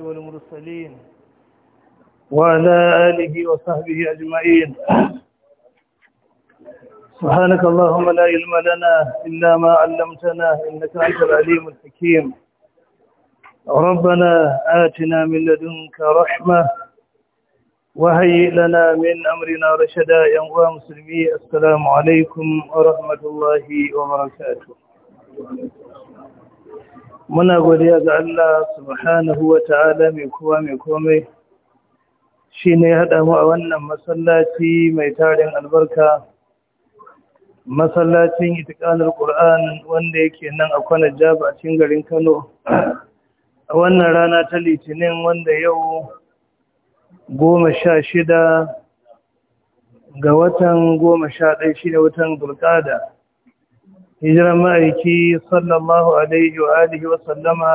والمرسلين وعلى آله وصحبه أجمعين سبحانك اللهم لا علم لنا إلا ما علمتنا إنك أنت العليم الحكيم ربنا آتنا من لدنك رحمة وهيئ لنا من أمرنا رشدا يا مسلمي السلام عليكم ورحمة الله وبركاته muna godiya ga Allah subhanahu wa ta'ala mai kowa mai komai shi ne haɗa mu a wannan masallaci mai tarin albarka masallacin itikalar Ƙur'ani, wanda yake nan a kwanar jaba a cikin garin kano a wannan rana ta litinin wanda yau goma sha shida ga watan goma sha ɗaya shi ne watan burkada hijiran ma'aiki sallallahu alaihi wa alihi wa sallama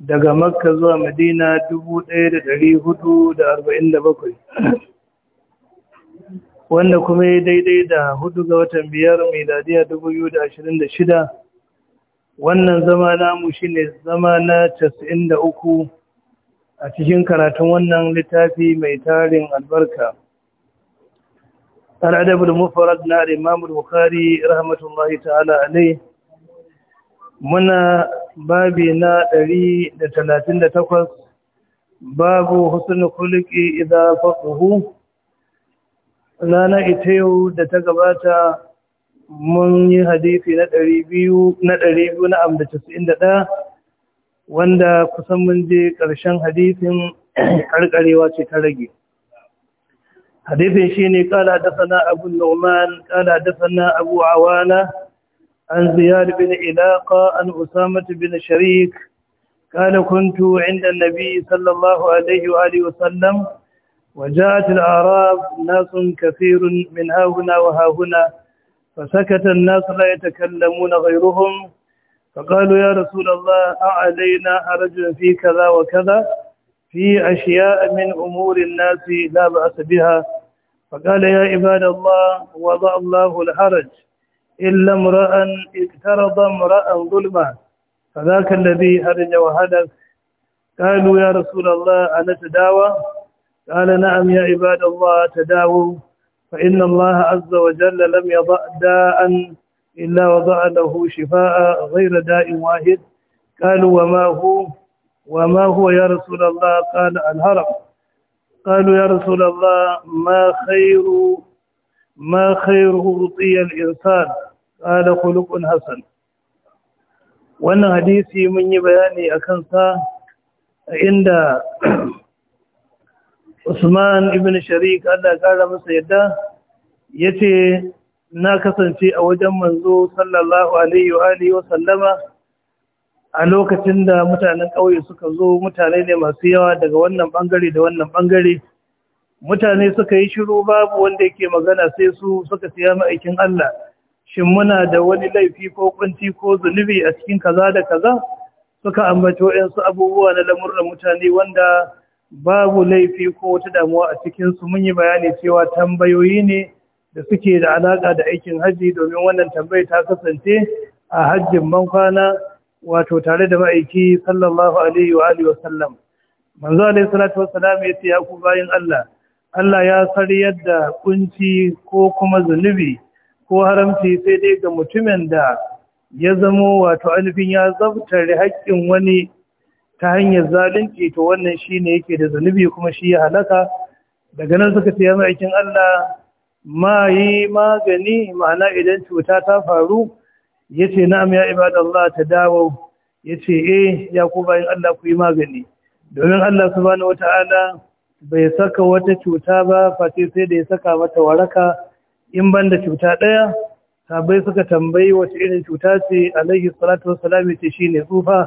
daga makka zuwa madina 1447 wanda kuma ya daidai da hudu ga watan biyar miladiya 2026 wannan zama namu ne zama na 93 a cikin karatun wannan littafi mai tarin albarka الأدب المفرد نار الإمام البخاري رحمة الله تعالى عليه muna babi na ɗari da da takwas, babu husnul khuluqi idza faqahu lana ita yau da ta gabata mun yi hadisi na ɗari biyu na ɗari biyu na ɗaya, wanda kusan mun je ƙarshen hadisin ƙarƙarewa ce ta rage حديث شيني قال حدثنا أبو النعمان قال حدثنا أبو عوانة عن زياد بن علاقة عن أسامة بن شريك قال كنت عند النبي صلى الله عليه وآله وسلم وجاءت الأعراب ناس كثير من ها هنا وها هنا فسكت الناس لا يتكلمون غيرهم فقالوا يا رسول الله أعلينا رجل في كذا وكذا في أشياء من أمور الناس لا بأس بها فقال يا عباد الله وضع الله الحرج إلا امرأ اقترض امرأ ظلما فذاك الذي هرج وهلك قالوا يا رسول الله أنا تداوى قال نعم يا عباد الله تداووا فإن الله عز وجل لم يضع داء إلا وضع له شفاء غير داء واحد قالوا وما هو وما هو يا رسول الله قال الهرم قالوا ya رسول الله ما خير ما خير أعطي الإنسان قال خلق wannan hadisi mun yi bayani a kansa inda Usman ibn Sharik Allah ƙara masa yadda ya ce na kasance a wajen manzo sallallahu alaihi wa sallama a lokacin da mutanen ƙauye suka zo mutane ne masu yawa daga wannan ɓangare da wannan ɓangare mutane suka yi shiru babu wanda yake magana sai su suka siya ma'aikin Allah shin muna da wani laifi ko kunci ko zunubi a cikin kaza da kaza suka ambato waɗansu abubuwa na lamurran mutane wanda babu laifi ko wata damuwa a cikinsu mun yi bayani cewa tambayoyi ne da suke da alaka da aikin haji domin wannan tambayi ta kasance a hajjin bankwana wato tare da ma'aiki sallallahu alaihi wa alihi wasallam manzo alaihi salatu wassalam ya ya ku bayin Allah Allah ya sariyar da kunci ko kuma zunubi ko haramci sai dai ga mutumin da ya zamo wato alifin ya zabtare haƙƙin wani ta hanyar zalunci to wannan shine yake da zunubi kuma shi ya halaka daga nan suka ce ya ma'aikin Allah ma yi magani ma'ana idan cuta ta faru yace na'am ya ibadallah tadawu yace eh ya ku bayan Allah ku yi magani domin Allah subhanahu wataala bai saka wata cuta ba face sai da ya saka mata waraka in banda cuta daya bai suka tambayi wace irin cuta ce alaihi salatu ce shi shine tsufa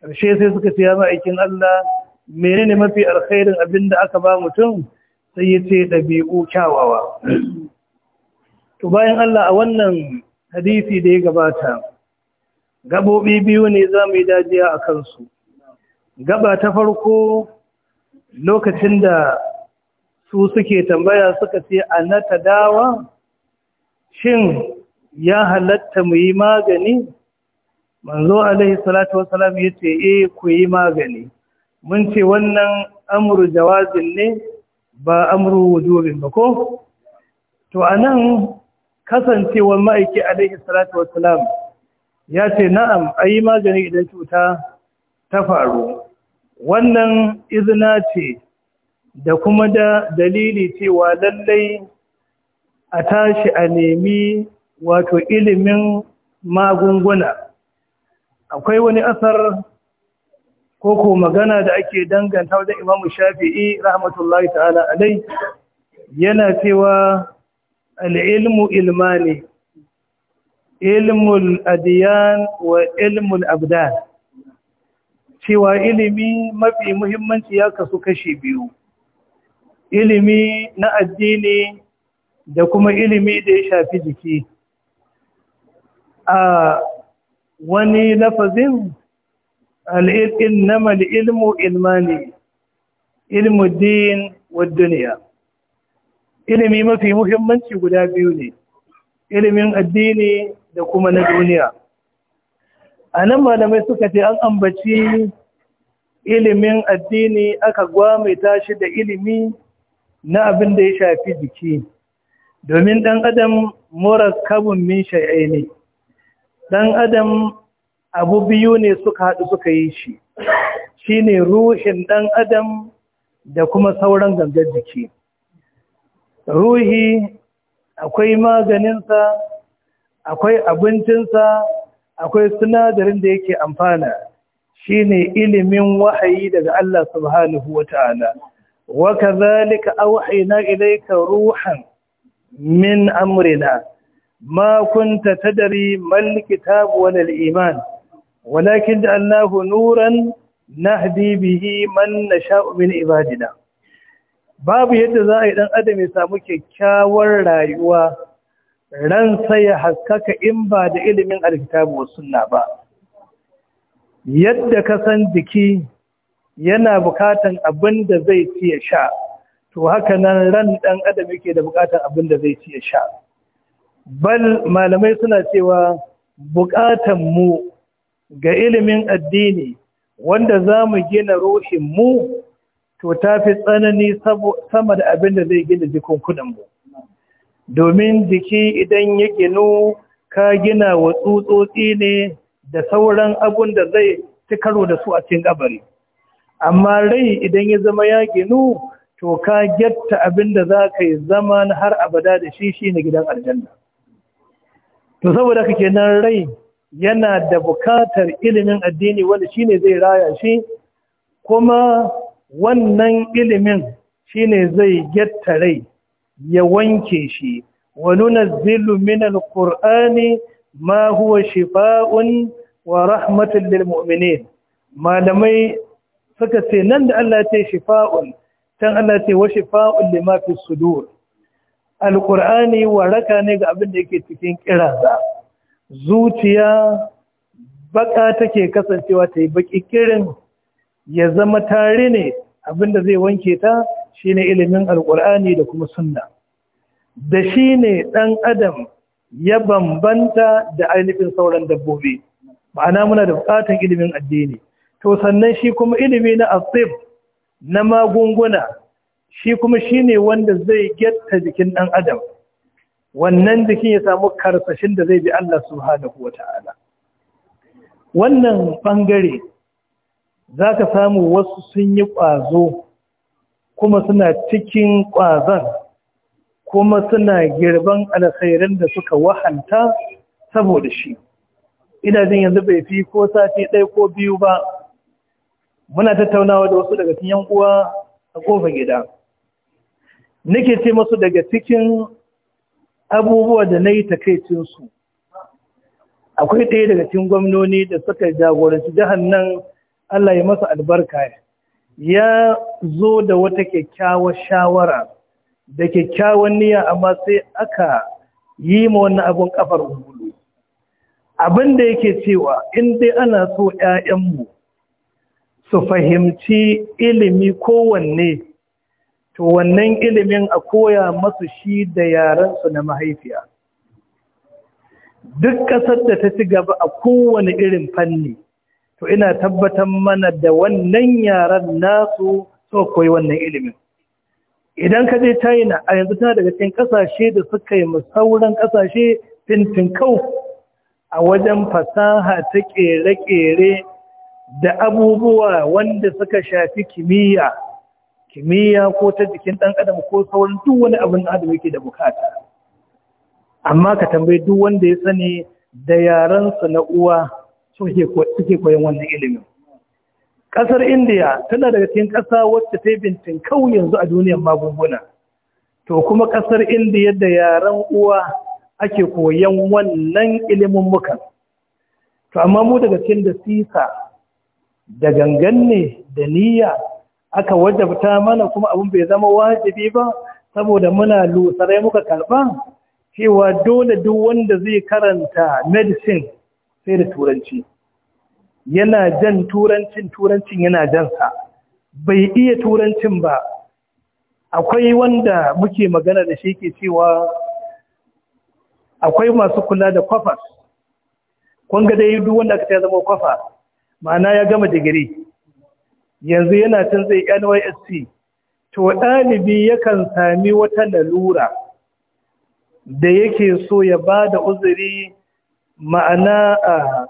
karshe sai suka ce ya ma'aikin Allah menene mafi alkhairin da aka ba mutum sai yace dabi'u kyawawa to bayan Allah a wannan hadisi da ya gabata gabobi biyu ne za mu yi dajiya a kansu gaba ta farko lokacin da su suke tambaya suka ce a na ta dawa shin ya halatta mu yi magani manzo alaihi salatu wasalam ya ce eh ku yi magani mun ce wannan amru jawazin ne ba amru wujubin ba ko to anan kasancewar ma'aiki alaihi salatu wassalam ya ce na'am ayi magani idan cuta ta faru wannan izina ce da kuma da dalili cewa lallai a tashi a nemi wato ilimin magunguna akwai wani asar koko magana da ake danganta wajen imamu shafi'i rahmatullahi ta'ala alai yana cewa al'ilmu ilmani ilmul adiyan wa ilmul abdan cewa ilimi mafi muhimmanci ya kasu kashe biyu ilimi na addini da kuma ilimi da ya shafi jiki a wani lafazin al'ilmu ilmani ilmu din wa duniya ilimi mafi muhimmanci guda biyu ne ilimin addini da kuma na duniya a nan malamai suka ce an ambaci ilimin addini aka gwamita shi da ilimi na abin da ya shafi jiki domin ɗan adam kabin min shai'ai ne ɗan adam abu biyu ne suka haɗu suka yi shi shine ruhin ɗan adam da kuma sauran gangar jiki ruhi akwai maganinsa akwai abincinsa akwai sinadarin da yake amfana shine ilimin wahayi daga Allah subhanahu ta'ala wa ka kadhalika awhayna ka ruhan min amrina ma ta tadri mal kitab wal iman walakin Allahu, nuran na hadibihi man na sha’umin ibadina babu yadda za a yi ɗan adam ya samu kyakkyawar rayuwa ran sai ya haskaka in ba da ilimin alkitabu wa sunna ba yadda ka san jiki yana bukatan abin da zai ci ya sha to haka nan ran ɗan adam yake da bukatan abin da zai ci ya sha bal malamai suna cewa bukatan mu ga ilimin addini wanda za mu gina ruhin mu to ta fi tsanani sama da abin da zai gina jikin mu. domin jiki idan ya ginu ka gina wa tsutsotsi ne da sauran abun da zai ci karo da su a cikin kabari amma rai idan ya zama ya ginu to ka gyatta abin da za ka yi zaman har abada da shi shi na gidan aljanna to saboda ka kenan rai yana da bukatar ilimin addini wanda shi ne zai raya shi kuma wannan ilimin shi ne zai getta rai ya wanke shi wa zilu min alqur'ani ma huwa shifa'un wa rahmatun lil malamai suka ce nan da Allah ce shifa'un, can Allah ce wa shifaa'un lima fi sudur wa waraka ne ga abin da yake cikin za zuciya baka take kasancewa ta yi baƙi kirin ya zama tare ne abinda zai wanke ta shine ilimin alkur'ani da kuma sunna da shi ne ɗan adam ya bambanta da ainihin sauran dabbobi ma'ana muna da bukatan ilimin addini to sannan shi kuma ilimi na asib na magunguna shi kuma shi ne wanda zai getta jikin ɗan adam wannan jikin ya samu karsashin da zai bi Allah subhanahu wa ta'ala wannan ɓangare za ka samu wasu sun yi ƙwazo kuma suna cikin ƙwazon kuma suna girban alkhairan da suka wahanta saboda shi jin yanzu bai fi ko sati ɗaya ko biyu ba muna tattaunawa da wasu daga cikin uwa a ƙofar gida nake ce masu daga cikin abubuwa da na yi takaicinsu akwai ɗaya daga cikin gwamnoni da suka jagoranci jihar nan Allah ya masa albarka ya zo da wata kyakkyawar shawara da kyakkyawan niyya amma sai aka yi ma wani abun kafar ungulu abin da yake cewa in dai ana so ƴaƴanmu su fahimci ilimi kowanne to wannan ilimin a koya masu shi da yarensu na mahaifiya duk ƙasar da ta ci gaba a kowane irin fanni to ina tabbatar mana da wannan yaran nasu so koyi wannan ilimin idan ka je china a yanzu tana daga cikin kasashe da suka yi musauran kasashe kau. a wajen fasaha ta kere-kere da abubuwa wanda suka shafi kimiyya kimiyya ko ta jikin ɗan adam ko sauran duk wani abin adam yake da bukata amma ka tambayi duk wanda ya sani da yaransu na uwa suke koyon wannan ilimin ƙasar indiya tana daga cikin ƙasa wacce ta yi bintin kawo yanzu a duniyar magunguna to kuma ƙasar indiya da yaren uwa ake koyon wannan ilimin mukan to amma mu daga cikin da sisa da gangan ne da niyya aka wajabta mana kuma abin bai zama wajibi ba saboda muna lusarai muka karba cewa dole duk wanda zai karanta medicine sai da turanci yana jan turancin turancin yana jansa bai iya turancin ba akwai wanda muke magana da shi ke cewa akwai masu kula da kwafas kun ga dai duk wanda aka zama kwafa ma'ana ya gama digiri yanzu yana can zai NYSC to ɗalibi yakan sami wata lalura da yake so ya ba da uzuri ma'ana a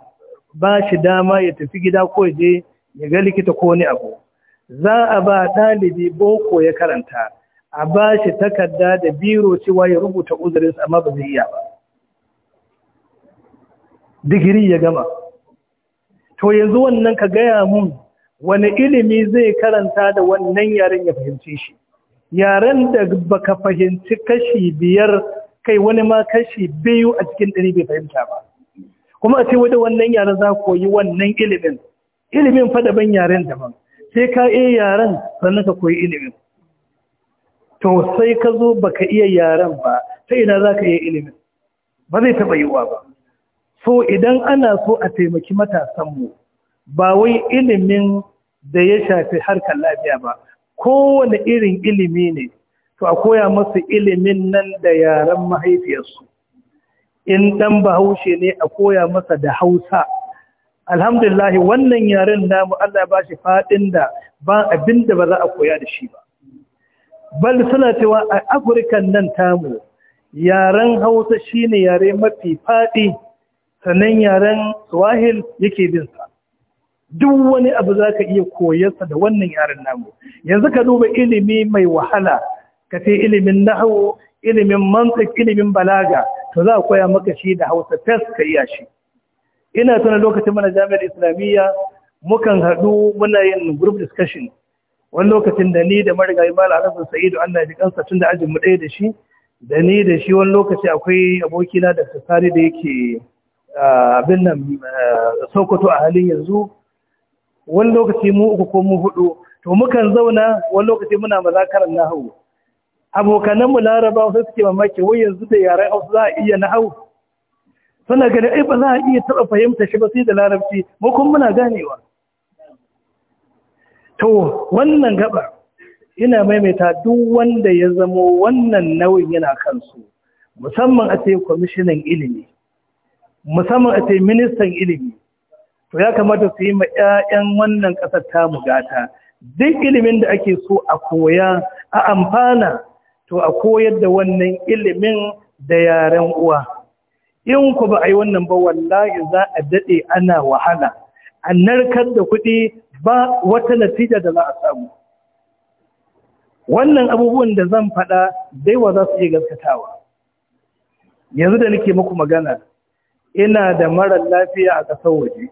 ba shi dama ya tafi gida ko je ya ga likita ko wani abu za a ba ɗalibi boko ya karanta a ba shi takarda da biro cewa ya rubuta uzurinsa amma ba zai iya ba digiri ya gama to yanzu wannan ka gaya mun wani ilimi zai karanta da wannan yaren ya fahimci shi yaren da baka fahimci kashi biyar kai wani ma kashi biyu a cikin ɗari bai fahimta ba kuma a ce wata wannan yaren za ku yi wannan ilimin ilimin fa daban yaren daban sai ka iya yaren sannan ka koyi ilimin to sai ka zo ba ka iya yaren ba ta ina za ka iya ilimin ba zai taɓa yiwuwa ba so idan ana so a taimaki matasanmu ba wai ilimin da ya shafi harkar lafiya ba kowane irin ilimi ne to a koya masu ilimin nan da yaren mahaifiyarsu in ɗan bahaushe ne a koya masa da hausa alhamdulillah wannan yaren namu Allah ba shi fadin da ba abinda ba za a koya da shi ba bal suna cewa a afirka nan tamu yaren hausa shine yare mafi faɗi, sannan yaren swahil yake bin sa duk wani abu za ka iya koyarsa da wannan yaren namu yanzu ka duba ilimi mai wahala ka ilimin nahawo ilimin mantik ilimin balaga to za a koya maka shi da hausa fes ka iya shi ina tuna lokacin mana jami'ar islamiyya mukan haɗu muna yin group discussion wani lokacin da ni da marigayi mala arafin sa'idu an ji kansa tun da ajin mu ɗaya da shi da ni da shi wani lokaci akwai abokina da sassari da yake abin nan sokoto a halin yanzu wani lokaci mu uku ko mu hudu to mukan zauna wani lokaci muna mazakarar nahawu abokananmu laraba sai suke mamaki wai yanzu da yaren hausa za a iya na hau suna gani ai ba za a iya taɓa fahimta shi ba sai da larabci mu kun muna ganewa to wannan gaba ina maimaita duk wanda ya zamo wannan nauyin yana kansu musamman a ce kwamishinan ilimi musamman a ce ministan ilimi to ya kamata su yi ma 'ya'yan wannan ƙasar ta mugata, duk ilimin da ake so a koya a amfana to a koyar da wannan ilimin da yaren uwa in ku ba a yi wannan ba wallahi za a daɗe ana wahala a narkar da kuɗi ba wata natija da za a samu wannan abubuwan da zan faɗa daiwa za su iya gaskatawa yanzu da nake muku magana ina da mara lafiya a ƙasar waje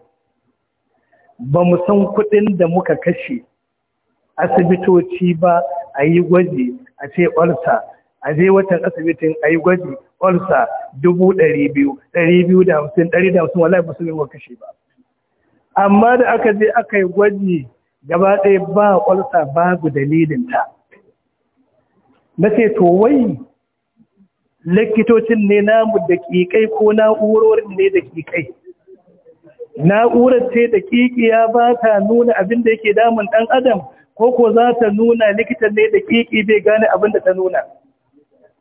ba mu san kuɗin da muka kashe asibitoci ba a yi gwaji a ce olsa a je watan asibitin a yi gwaji olsa dubu ɗari biyu ɗari biyu da hamsin ɗari da hamsin wallahi ba su yi kashe ba amma da aka je aka yi gwaji gaba ɗaya ba olsa babu dalilinta na ce to wai likitocin ne namu da ƙiƙai ko na'urorin ne da ƙiƙai na'urar ce da ƙiƙiya ba ta nuna abin da yake damun ɗan adam ko ko za ta nuna likitan ne da kiki bai gane abin da ta nuna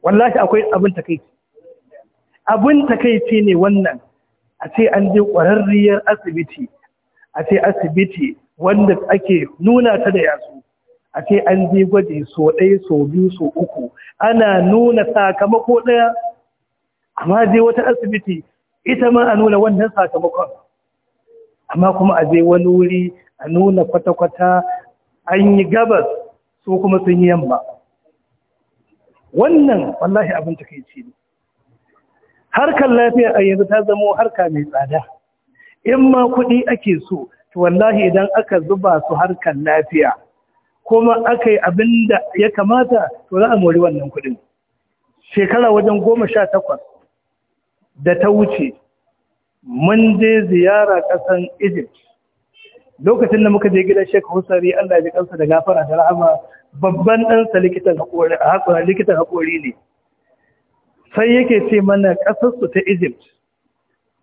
wallahi akwai abin takaici abin takaici ne wannan a ce an je ƙwararriyar asibiti a ce asibiti wanda ake nuna ta da yasu a ce an je gwaji so ɗaya so biyu so uku ana nuna sakamako ɗaya amma je wata asibiti ita ma a nuna wannan sakamakon amma kuma a je wani wuri a nuna kwata-kwata an yi gabas su kuma sun yi yamma wannan wallahi abin ta kai ne harkar lafiya a yanzu ta zama harka mai tsada in ma kuɗi ake so to wallahi idan aka zuba su harkar lafiya kuma aka yi abin da ya kamata to za a mori wannan kuɗin shekara wajen goma sha takwas da ta wuce mun je ziyara ƙasan egypt lokacin da muka je gidan Sheikh Husari Allah ya ji kansa da gafara da rahama babban ɗansa likitan a hakuri likitan hakori ne sai yake ce mana kasar su ta Egypt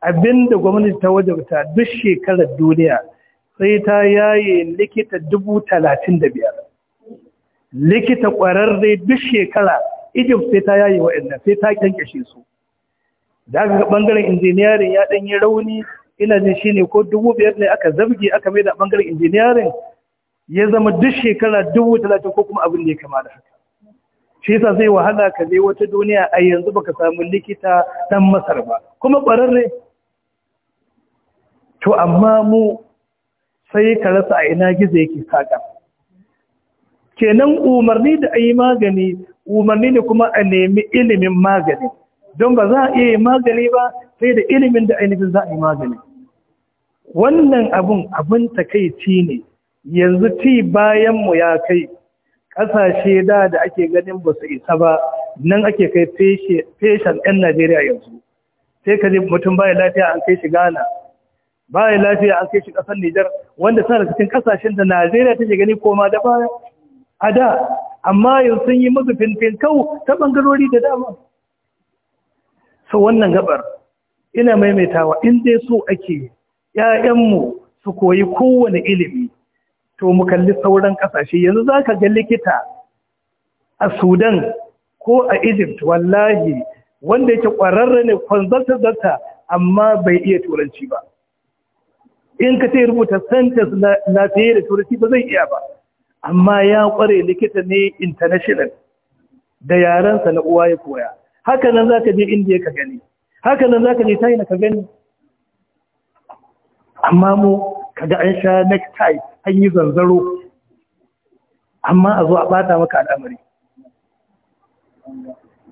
abinda gwamnati ta wajabta duk shekarar duniya sai ta yaye likita dubu da biyar likita ƙwararre duk shekara Egypt sai ta yaye wa'annan sai ta kyankyashe su da bangaren injiniyarin ya yi rauni ina jin shi ne ko dubu biyar ne aka zabge aka mai da bangaren injiniyarin ya zama duk shekara dubu talatin ko kuma abin da ya kama da haka shi yasa zai wahala ka je wata duniya a yanzu baka samu likita dan masar ba kuma ƙwararre to amma mu sai ka rasa a ina gizo yake saka kenan umarni da a yi magani umarni ne kuma a nemi ilimin magani don ba za a iya yi magani ba sai da ilimin da ainihin za a yi magani wannan abun abun takaici ne yanzu ci bayan mu ya kai ƙasashe da da ake ganin ba su isa ba nan ake kai feshen 'yan Najeriya yanzu sai ka ji mutum baya lafiya an kai shi Ghana baya lafiya an kai shi ƙasar Nijar wanda tana cikin ƙasashen da Najeriya take gani koma da baya a da amma yanzu sun yi musu finfin kau ta bangarori da dama so wannan gabar ina maimaitawa in dai so ake ‘ya'yanmu su koyi kowane ilimi to mu kalli sauran ƙasashe yanzu za ka ga likita a sudan ko a egypt wallahi wanda yake ƙwararre ne kwanzarta-zarta amma bai iya turanci ba in ka ce rubuta sentence lafiye da turanci ba zai iya ba amma ya ƙware likita ne international da yarensa na uwa ya koya haka za ka je India ka gani haka nan za ka je china ka gani amma mu kaga an sha necktie an yi zanzaro amma a zo a bata maka al'amari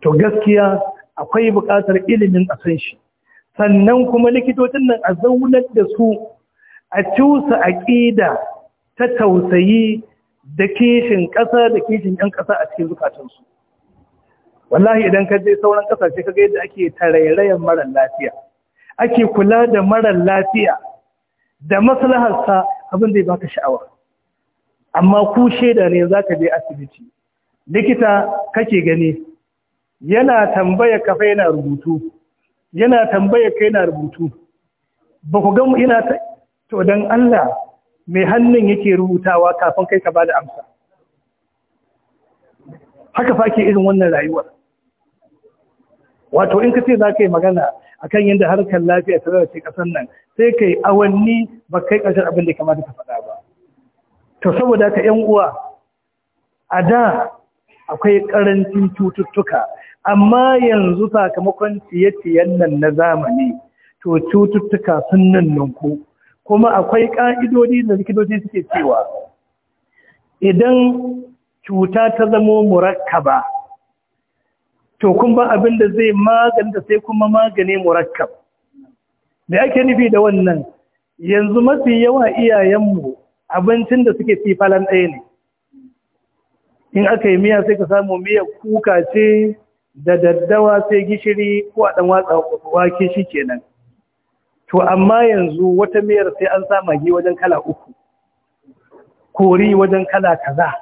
to gaskiya akwai buƙatar ilimin a san shi sannan kuma likitocin nan a zaunar da su a cusa aƙida ta tausayi da kishin ƙasa da kishin 'yan ƙasa a cikin zukatansu wallahi idan ka je sauran ƙasashe ka kaga yadda ake tarairayen marar lafiya ake kula da marar lafiya da maslaharsa abin zai baka sha'awa amma ku shaida ne zaka je asibiti likita kake gani yana tambaya kafa yana rubutu yana tambaya ka yana rubutu ba ku mu ina ta to don Allah mai hannun yake rubutawa kafin kai ka ba amsa haka fa ke irin wannan rayuwar wato in ka ce za ka yi magana akan yadda harkar lafiya ta rarrace ƙasar nan sai ka yi awanni ba kai ƙarshen abin da ya kamata ka faɗa ba to saboda ka yan uwa a da akwai ƙarancin cututtuka amma yanzu sakamakon ciye-ciyen nan na zamani to cututtuka sun nan nunku kuma akwai ƙa'idodi da likitoci suke cewa idan cuta ta zamo murakkaba to kun ba abin da zai maganta sai kuma magani murakkaba me ake nufi da wannan yanzu mafi yawa iyayenmu abincin da suke fi falan ɗaya ne in aka yi miya sai ka samu miya kuka ce da daddawa sai gishiri ko a ɗan watsa wake shi kenan to amma yanzu wata miyar sai an sa magi wajen kala uku kori wajen kala kaza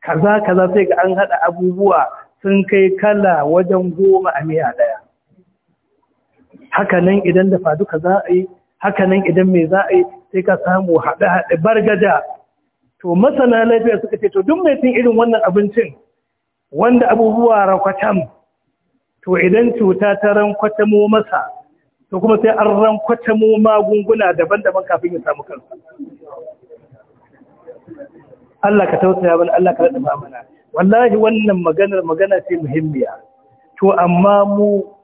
kaza kaza sai ga an haɗa abubuwa sun kai kala wajen goma a miya ɗaya haka nan idan da duka za a yi haka nan idan mai za yi sai ka samu haɗe-haɗe bargada to masana lafiya suka ce to duk mai cin irin wannan abincin wanda abubuwa rakwatam to idan cuta ta rankwatamo masa to kuma sai an rankwatamo magunguna daban-daban kafin ya samu kansa Allah ka tausaya mana Allah ka rada mana wallahi wannan maganar magana ce muhimmiya to amma mu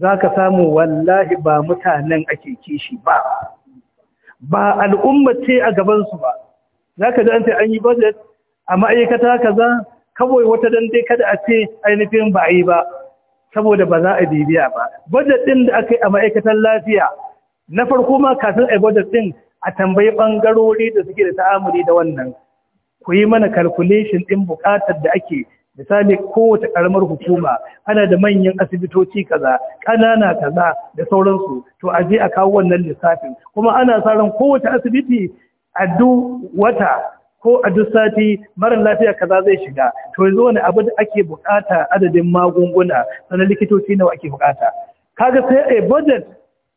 za ka samu wallahi ba mutanen ake kishi ba ba al'umma ce a gabansu ba za ka an ce an yi budget a ma'aikata kaza kawai wata dande kada a ce ainihin ba a yi ba saboda ba za a bibiya ba budget ɗin da aka yi a ma'aikatan lafiya na farko ma kafin a budget ɗin a tambayi ɓangarori da suke da ta'amuri da wannan ku yi mana calculation ɗin buƙatar da ake misali kowace karamar hukuma ana da manyan asibitoci kaza ƙanana kaza da sauransu to a je a kawo wannan lissafin kuma ana sa ran kowace asibiti a duk wata ko a duk sati mara lafiya kaza zai shiga to yanzu wani abu da ake bukata adadin magunguna sanan likitoci nawa ake bukata kaga sai a budget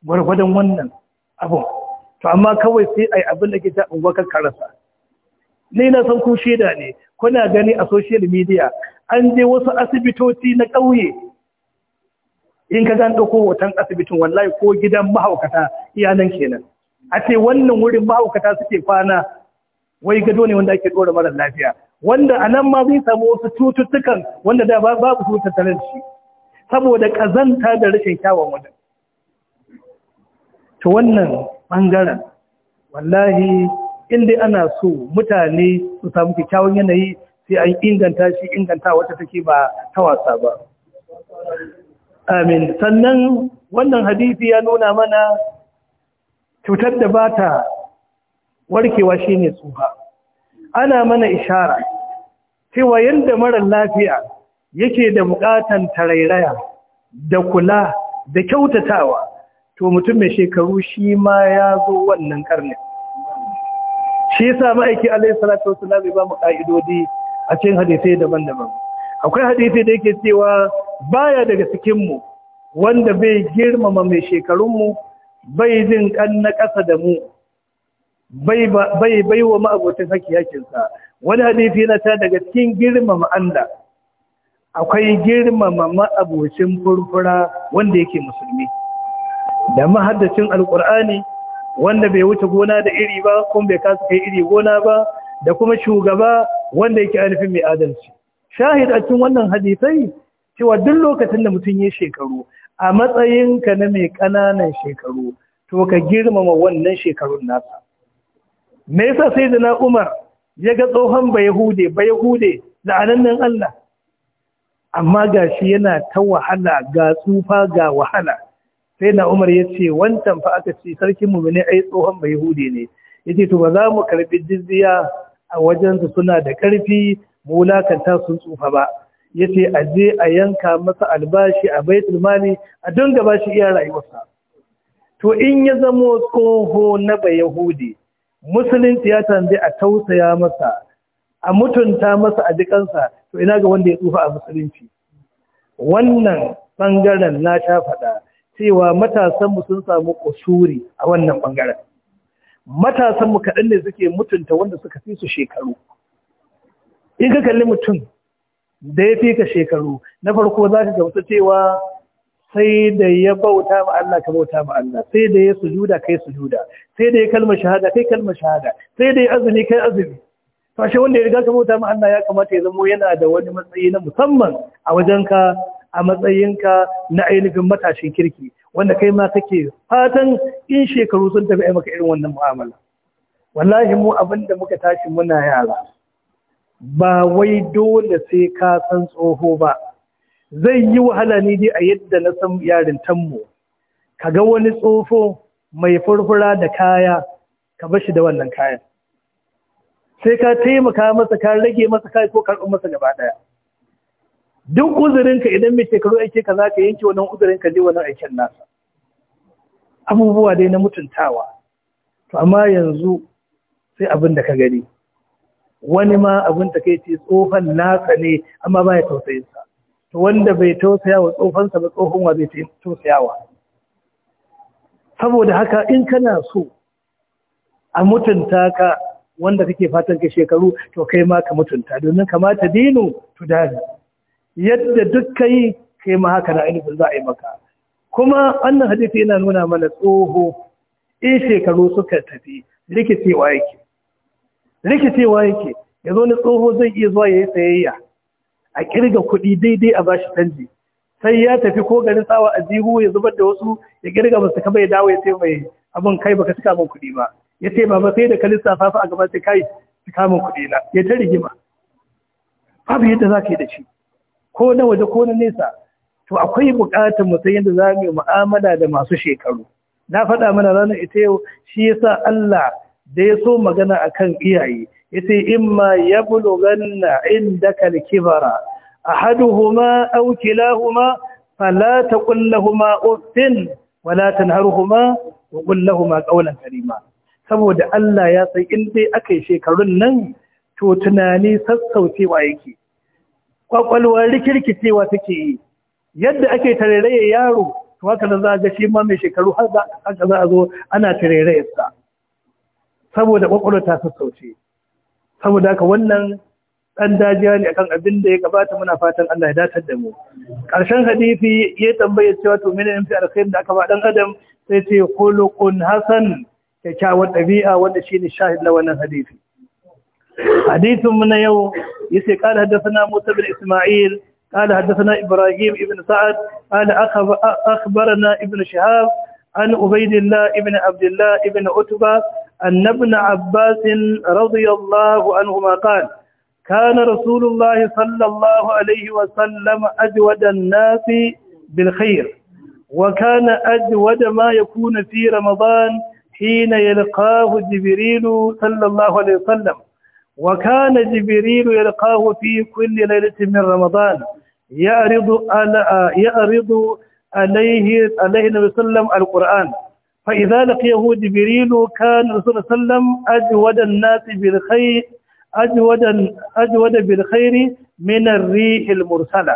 gwargwadon wannan abu to amma kawai sai a yi abin da ke ta abubakar karasa ni na san ku shaida ne kuna gani a social media an je wasu asibitoci na ƙauye in ka zan ɗauko hoton asibitin wallahi ko gidan mahaukata iyanan kenan a ce wannan wurin mahaukata suke kwana wai gado ne wanda ake ɗora mara lafiya wanda a nan ma zai samu wasu cututtukan wanda da babu su da shi saboda ƙazanta da rashin kyawun wajen to wannan ɓangaren wallahi Inda ana so mutane su samu kyakkyawan yanayi sai an inganta shi inganta wata take ba ta wasa ba amin sannan wannan hadisi ya nuna mana cutar da bata ta warkewa shine tsufa ana mana ishara cewa yadda marar lafiya yake da bukatan tarairaya da kula da kyautatawa to mutum mai shekaru shi ma ya zo wannan karnin shi yasa ma'aiki alayhi salatu wasallam ya ba mu ka'idodi a cikin hadisai daban-daban akwai hadisi da yake cewa baya daga cikin mu wanda bai girmama mai shekarun mu bai jin kan na ƙasa da mu bai bai bai wa ma'abotin haƙi yakin sa wani hadisi na ta daga cikin girmama Allah akwai girmama ma'abocin furfura wanda yake musulmi da mahaddacin alqur'ani wanda bai wuce gona da iri ba kuma bai kasa kai iri gona ba da kuma shugaba wanda yake alifin mai adalci shahid a cikin wannan hadisai cewa duk lokacin da mutum ya shekaru a matsayinka na mai ƙananan shekaru to ka girmama wannan shekarun nasa me yasa sai da na umar ya ga tsohon bayahude bayahude la'anannan Allah amma gashi yana ta wahala ga tsufa ga wahala sai na umar ya ce wancan fa aka ce sarkin ne ai tsohon mai hude ne ya ce to ba za mu karɓi jizziya a su suna da karfi mu wulakanta sun tsufa ba ya ce a je a yanka masa albashi a baitul mali a dinga bashi iya rayuwarsa to in ya zamo tsoho na bai yahudi musulunci ya tambaye a tausaya masa a mutunta masa a jikansa to ina ga wanda ya tsufa a musulunci wannan bangaren na sha faɗa cewa matasanmu sun samu kusuri a wannan bangaren matasanmu kaɗan ne suke mutunta wanda suka fi su shekaru in ka kalli mutum da ya fi ka shekaru na farko za ka gamsu cewa sai da ya bauta ma Allah ka bauta ma Allah sai da ya sujuda kai sujuda sai da ya kalma shahada kai kalma shahada sai da ya azumi kai azumi to wanda ya riga ka bauta ma Allah ya kamata ya zama yana da wani matsayi na musamman a wajen ka. a matsayinka na ainihin matashin kirki wanda kai ma kake fatan in shekaru sun tafi ai maka irin wannan mu'amala wallahi mu abin da muka tashi muna yara ba wai dole sai ka san tsoho ba zai yi wahala ni dai a yadda na san ka ga wani tsofo mai furfura da kaya ka shi da wannan kayan sai ka taimaka masa ka rage masa kai ko karɓar masa gaba ɗaya duk uzurinka idan mai shekaru aiki ka za ka yanke wannan uzurinka je wannan aikin nasa abubuwa dai na mutuntawa to amma yanzu sai abin da ka gani wani ma abin da kai ce tsohon nasa ne amma ba ya tausayinsa to wanda bai tausaya wa tsofansa ba tsohon wa bai tausayawa saboda haka in kana so a mutunta ka wanda kake fatan ka shekaru to kai ma ka mutunta domin kamata Dino to dani yadda duk yi kai ma haka na ainihin za a yi maka kuma wannan hadisi yana nuna mana tsoho in shekaru suka tafi rikicewa yake rikicewa yake ya zo ni tsoho zai iya zuwa ya yi sayayya a kirga kuɗi daidai a bashi canji sai ya tafi ko garin tsawa a jihu ya zubar da wasu ya kirga masu kama ya dawo ya ce mai abin kai baka cika min kuɗi ba ya ce ba sai da ka lissafa a gaba sai kai cika min kuɗi na ya ta rigima babu yadda za ka yi da shi ko na waje ko na nesa to akwai buƙatar mu san yadda za mu yi mu'amala da masu shekaru na faɗa mana ranar ita yau shi yasa Allah da ya so magana akan iyaye yace imma yablughanna indaka al-kibara ahaduhuma aw kilahuma fala taqul lahumu uffin wala tanharhuma wa qul lahumu qawlan karima saboda Allah ya san in dai akai shekarun nan to tunani sassaucewa yake kwakwalwar rikirkicewa take yi yadda ake tarairaye yaro to haka nan za a ga shi ma mai shekaru har haka za a zo ana tarairayar sa saboda kwakwalwar ta sassauce saboda haka wannan dan dajiya ne akan abin da ya gabata muna fatan Allah ya datar da mu karshen hadisi ya tambaye cewa to mene ne fi da aka ba dan adam sai ce khuluqun hasan kyakkyawar ɗabi'a wanda shine shahid na wannan hadisi حديث من يوم يسي قال حدثنا موسى بن إسماعيل قال حدثنا إبراهيم ابن سعد قال أخبرنا ابن شهاب عن عبيد الله ابن عبد الله ابن عتبة أن ابن عباس رضي الله عنهما قال كان رسول الله صلى الله عليه وسلم أجود الناس بالخير وكان أجود ما يكون في رمضان حين يلقاه جبريل صلى الله عليه وسلم وكان جبريل يلقاه في كل ليلة من رمضان يعرض على يعرض عليه عليه النبي صلى الله عليه وسلم القرآن فإذا لقيه جبريل كان الرسول صلى الله عليه وسلم أجود الناس بالخير أجود أجود بالخير من الريح المرسلة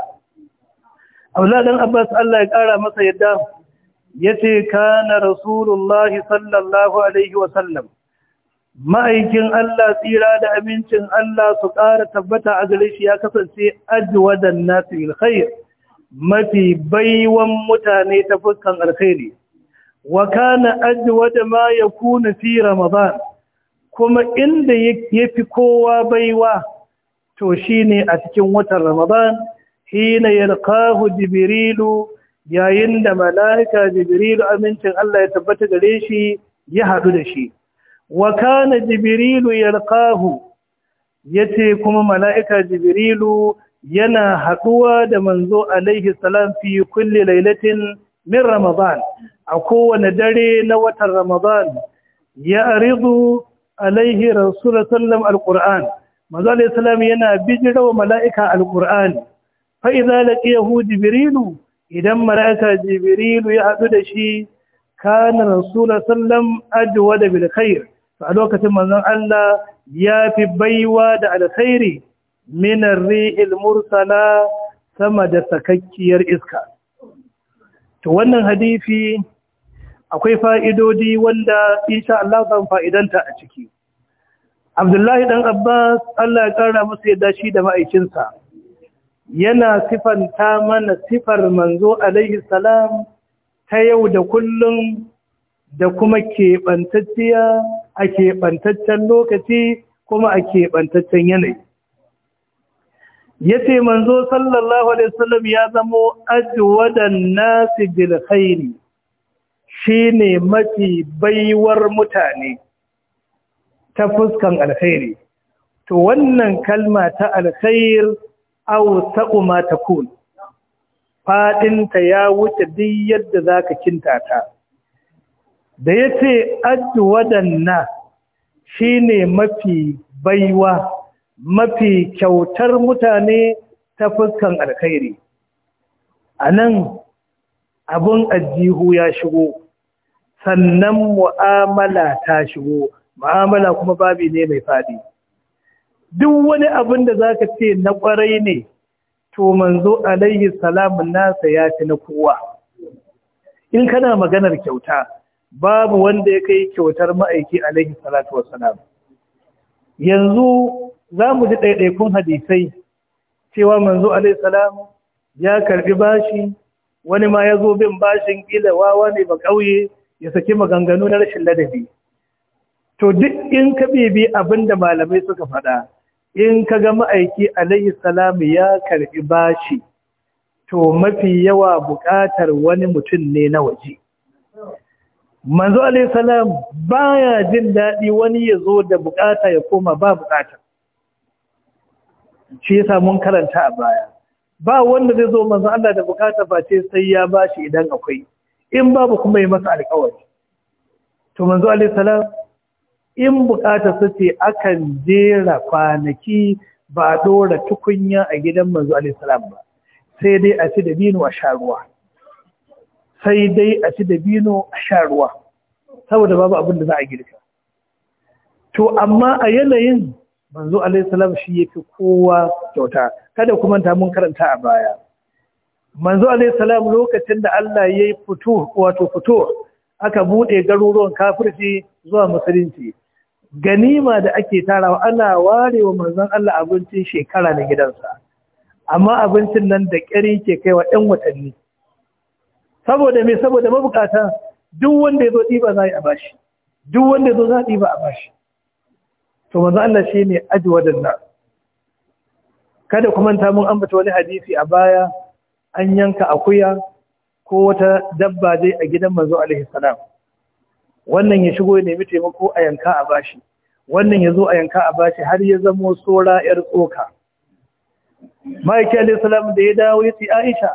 أولادا أباس الله يقرأ مسا يده يتي كان رسول الله صلى الله عليه وسلم ma'aikin Allah tsira da amincin Allah su ƙara tabbata a gare shi ya kasance ajwadan nasu bil mafi baiwan mutane ta fuskan alkhairi wa kana ajwada ma kuna fi ramadan kuma inda yafi kowa baiwa to shine a cikin watan ramadan hina yalqahu Jibirilu, yayin da malaika Jibirilu amincin Allah ya tabbata gare shi ya haɗu da shi wa kana jibrilu yalqahu yace kuma mala'ika jibrilu yana haɗuwa da manzo alaihi salam fi kulli lailatin min ramadan a kowane dare na watan ramadan ya aridu alaihi rasul sallam alquran manzo alaihi salam yana bijirawa mala'ika alquran fa idza yahudi jibrilu idan mala'ika jibrilu ya haɗu da shi kana rasul sallam da bil khair a lokacin manzon Allah ya fi baiwa da alkhairi min ar-ri'il mursala sama da sakakkiyar iska to wannan hadisi akwai fa'idodi wanda insha Allah zan fa'idanta a ciki Abdullahi dan Abbas Allah ya kara masa yadda shi da ma'aikinsa yana sifanta mana sifar manzo alaihi salam ta yau da kullum da kuma keɓantacciya a keɓantaccen lokaci kuma a keɓantaccen yanayi ya ce manzo sallallahu alaihi wasallam ya zamo ajwadan nasi bil shi ne mafi baiwar mutane ta fuskan alkhairi to wannan kalma ta alkhair au ta umata kun, Faɗinta ya wuce duk yadda za ka kinta ta da ya ce waɗannan shi ne mafi baiwa mafi kyautar mutane ta fuskan alkhairi a nan abin ajihu ya shigo sannan mu'amala ta shigo mu'amala kuma babi ne mai faɗi duk wani abin da za ka ce na ƙwarai ne to manzo alaihi salamun nasa ya fi na kowa in kana maganar kyauta babu wanda ya kai kyautar ma'aiki alaihi salatu Salam. yanzu za mu ji ɗaiɗaikun hadisai cewa manzo alaihi salam ya karbi bashi wani ma ya zo bin bashin ƙila wawa ne ba ƙauye ya saki maganganu na rashin ladabi to duk in ka bibi abin da malamai suka faɗa in ka ga ma'aiki alaihi salam ya karbi bashi to mafi yawa buƙatar wani mutum ne na waje manzo alayhi salam baya jin daɗi wani ya zo da bukata ya koma ba bukata shi yasa mun karanta a baya ba wanda zai zo manzo Allah da bukata ba ce sai ya bashi idan akwai in babu kuma yi masa alƙawari to manzo alayhi salam in bukata su ce akan jera kwanaki ba dora tukunya a gidan manzo alayhi salam ba sai dai a ci da binu a sha ruwa sai dai a ci dabino a sha ruwa saboda babu abin da za a girka to amma a yanayin manzo alaihissalam shi ya fi kowa kyauta kada kuma ta mun karanta a baya manzo alaihissalam lokacin da Allah ya yi fito wato fito aka buɗe garuruwan kafirci zuwa musulunci ganima da ake tarawa ana ware wa manzon Allah abincin shekara na gidansa amma abincin nan da ke ke kaiwa 'yan watanni saboda me saboda mabukata duk wanda ya zo ɗiba za a yi bashi duk wanda ya zo za a ɗiba a bashi to Maza Allah shi ne ajwadan na kada kuma ta mun ambata wani hadisi a baya an yanka akuya ko wata dabba dai a gidan manzo alaihi salam wannan ya shigo ya nemi taimako a yanka a bashi wannan ya zo a yanka a bashi har ya zamo tsora ‘yar tsoka. Ma'aiki da ya dawo ya ce, Aisha,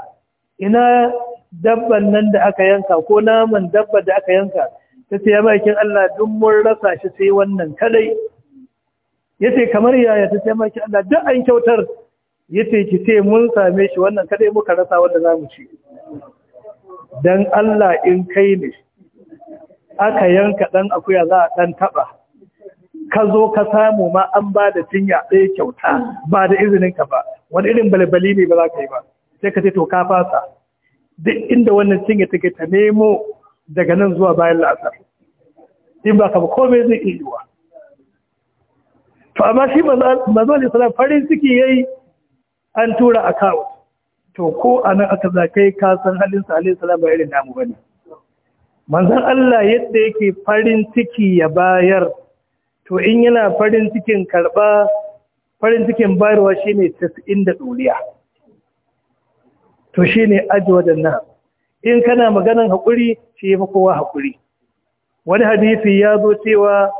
ina dabban nan da aka yanka ko naman dabba da aka yanka ta ce ya makin Allah duk mun rasa shi sai wannan kadai ya ce kamar yaya ta ce makin Allah duk an kyautar ya ce ki ce mun same shi wannan kadai muka rasa wanda za mu ci don Allah in kai ne aka yanka ɗan akuya za a ɗan taba ka zo ka samu ma an ba da cinya ɗaya kyauta ba da izinin ka ba wani irin balbali ne ba za ka yi ba sai ka ce to ka fasa duk inda wannan cinye take ta nemo daga nan zuwa bayan la'asar in ba ka ba komai zai iya yiwa to amma shi manzo da farin ciki ya yi, an tura a kawo to ko nan aka zakai ka san halin sa salam ba irin namu ne manzon Allah yadda yake farin ciki ya bayar to in yana farin cikin karba farin cikin bayarwa shine 90 da ɗuriya to shi ne ajwadan na in kana maganan haƙuri shi ya fi haƙuri wani hadisi ya zo cewa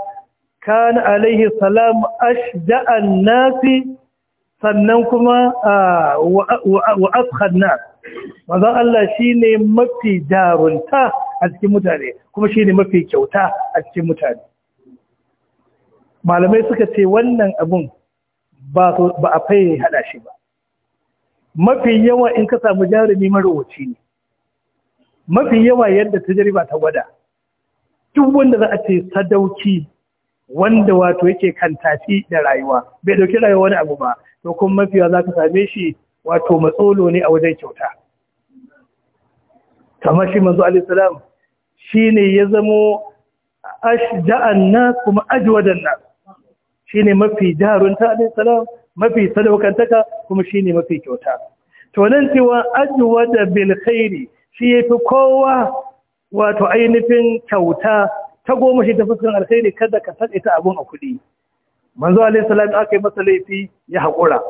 kan alaihi salam ashda'an nasi sannan kuma a ashan nas Allah Allah ne mafi darunta a cikin mutane kuma shi ne mafi kyauta a cikin mutane malamai suka ce wannan abun ba a fai hada shi ba mafi yawa in ka samu jarumi marowaci ne mafi yawa yadda ta tajriba ta gwada duk wanda za a ce sadauki wanda wato yake kan tafi da rayuwa bai dauki rayuwa wani abu ba to kuma mafi yawa za ka same shi wato matsolo ne a wajen kyauta kamar shi manzo alaihi salam shine ya zamo ja'an nas kuma ajwadan nas Shi ne mafi jarunta alaihi salam mafi sadaukantaka kuma shi ne mafi kyauta to nan cewa ajwada da bilkhairi shi ya fi kowa wato ainihin kyauta ta goma shi ta fuskan alkhairi kada ka san ita abin a kudi manzo Alayhi salam aka yi masa laifi ya haƙura.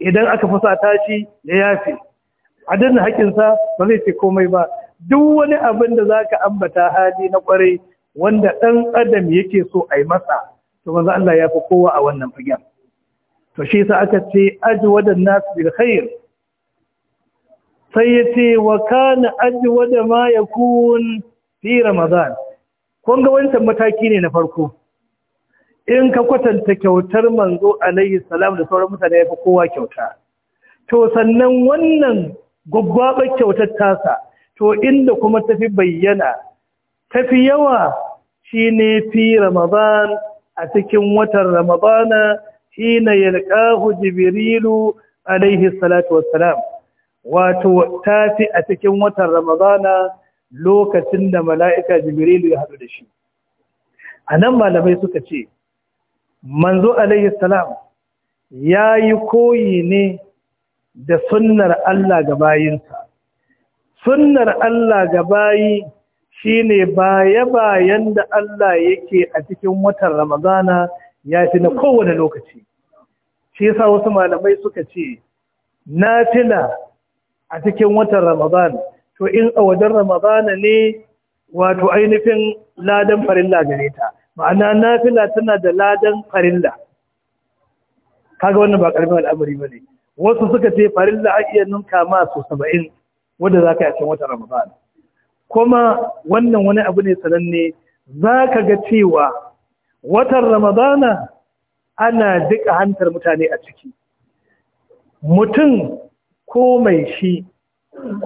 idan aka fusata shi ya yafe dinna haƙinsa ba zai fi komai ba duk wani abin da za ka ambata hali na kwarai wanda ɗan adam yake so a yi masa to manzo Allah ya fi kowa a wannan fagen to shi sa aka ce ajwadan nas bil khair sai yace wa kana ajwada ma yakun fi ramadan kun ga wancan mataki ne na farko in ka kwatanta kyautar manzo alaihi salam da sauran mutane ya fi kowa kyauta to sannan wannan gwaggwabar kyautar tasa to inda kuma tafi bayyana tafi yawa shine fi ramadan a cikin watan ramadana hina yalqahu jibrilu alaihi salatu wassalam wato a cikin watan ramadana lokacin da mala'ika jibrilu ya haɗu da shi a nan malamai suka ce manzo alaihi salam ya yi koyi ne da sunnar Allah ga bayinsa sunnar Allah ga bayi shine baya-bayan da Allah yake a cikin watan Ramadana ya fi na kowane lokaci. Shi sa wasu malamai suka ce, na a cikin watan Ramadana, to in a wajen Ramadana ne wato ainihin ladan farilla gare ta, ma'ana na tana da ladan farilla. Kaga wannan ba ƙarfin al'amari ba ne. Wasu suka ce farilla a iya ninka ma saba'in wadda za ka yi a cikin watan Ramadana. kuma wannan wani abu ne sananne za ka ga cewa watan ramadana ana duka hantar mutane a ciki mutum ko mai shi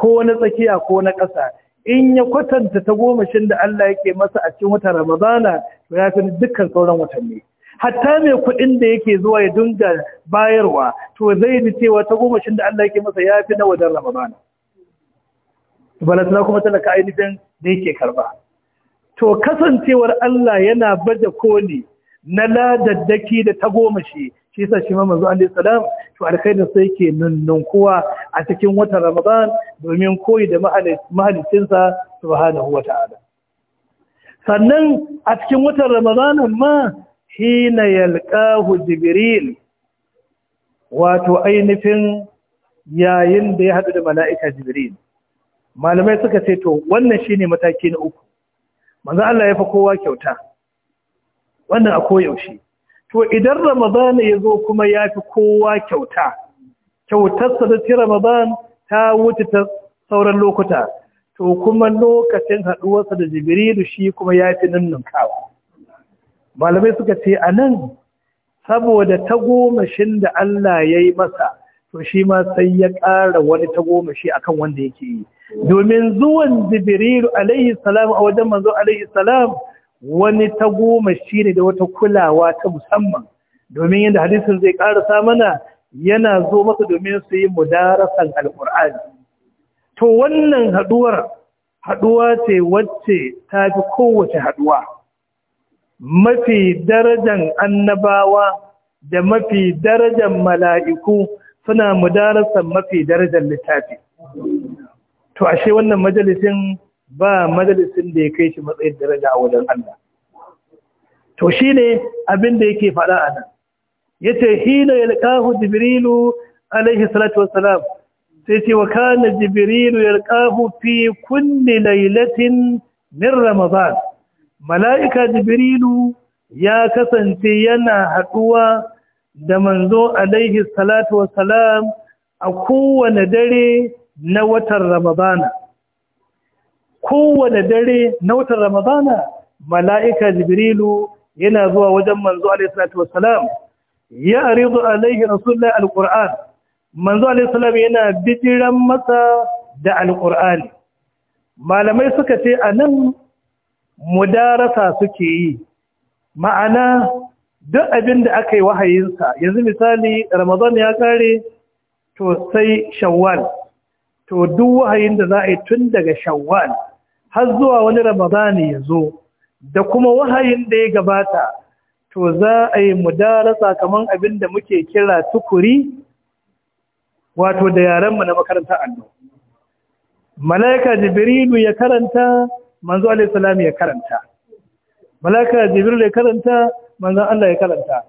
ko na tsakiya ko na ƙasa in ya kwatanta ta gomashin da Allah yake masa a cikin watan ramadana ya fi dukkan sauran watanni hatta mai kuɗin da yake zuwa ya dinga bayarwa to zai ji cewa ta gomashin da Allah yake masa ya fi na wajen ramadana balatana kuma talaka ainihin da yake karba to kasancewar Allah yana baje koli na ladaddaki da tagomashi shi sa shi mamazu Allah salam to alkhairin sai yake kuwa a cikin watan ramadan domin koyi da mahalicinsa subhanahu wata'ala sannan a cikin watan ramadan ma hina yalqahu jibril wato ainihin yayin da ya haɗu da mala'ika jibril malamai suka ce to wannan shine mataki na uku manzo Allah ya fa kowa kyauta wannan a koyaushe to idan ramadan ya zo kuma ya fi kowa kyauta kyautarsa da ci ramadan ta wuce ta sauran lokuta to kuma lokacin haɗuwarsa da jibrilu shi kuma ya fi nunnunkawa malamai suka ce a nan saboda tagomashin da Allah ya yi masa to shi ma sai ya ƙara wani ta tagomashi akan wanda yake yi domin zuwan jibrilu alaihi salam a wajen manzo alaihi salam wani tagoma shi ne da wata kulawa ta musamman domin yadda hadisin zai karasa mana yana zo masa domin su yi mudarasan alkur'ani to wannan haduwar haduwa ce wacce ta fi kowace haduwa mafi darajan annabawa da mafi darajan mala'iku suna mudarasan mafi darajan littafi to ashe wannan majalisin ba majalisin da ya kai shi matsayin daraja a wajen Allah to shine abin da yake faɗa a nan yace hina yalqahu jibrilu alaihi salatu wassalam sai ce wa kana jibrilu yalqahu fi kulli lailatin min ramadan mala'ika jibrilu ya kasance yana haɗuwa da manzo alaihi salatu wassalam a kowane dare na watan ramadana kowane dare na watan ramadana mala'ika jibrilu yana zuwa wajen manzo alaihi salatu wassalam ya Alayhi alaihi rasulullahi alquran manzo Alayhi salam yana bijiran masa da alqur'ani malamai suka ce a nan mudarasa suke yi ma'ana duk abin da aka yi wahayinsa yanzu misali ramadan ya kare to sai shawwal to duk wahayin da za a yi tun daga shawwal har zuwa wani ramadani ya zo da kuma wahayin da ya gabata to za a yi mudarasa kamar abin da muke kira tukuri wato da yarenmu na makarantar allo malaika jibrilu ya karanta manzo alaihissalam ya karanta malaika jibrilu ya karanta manzo Allah ya karanta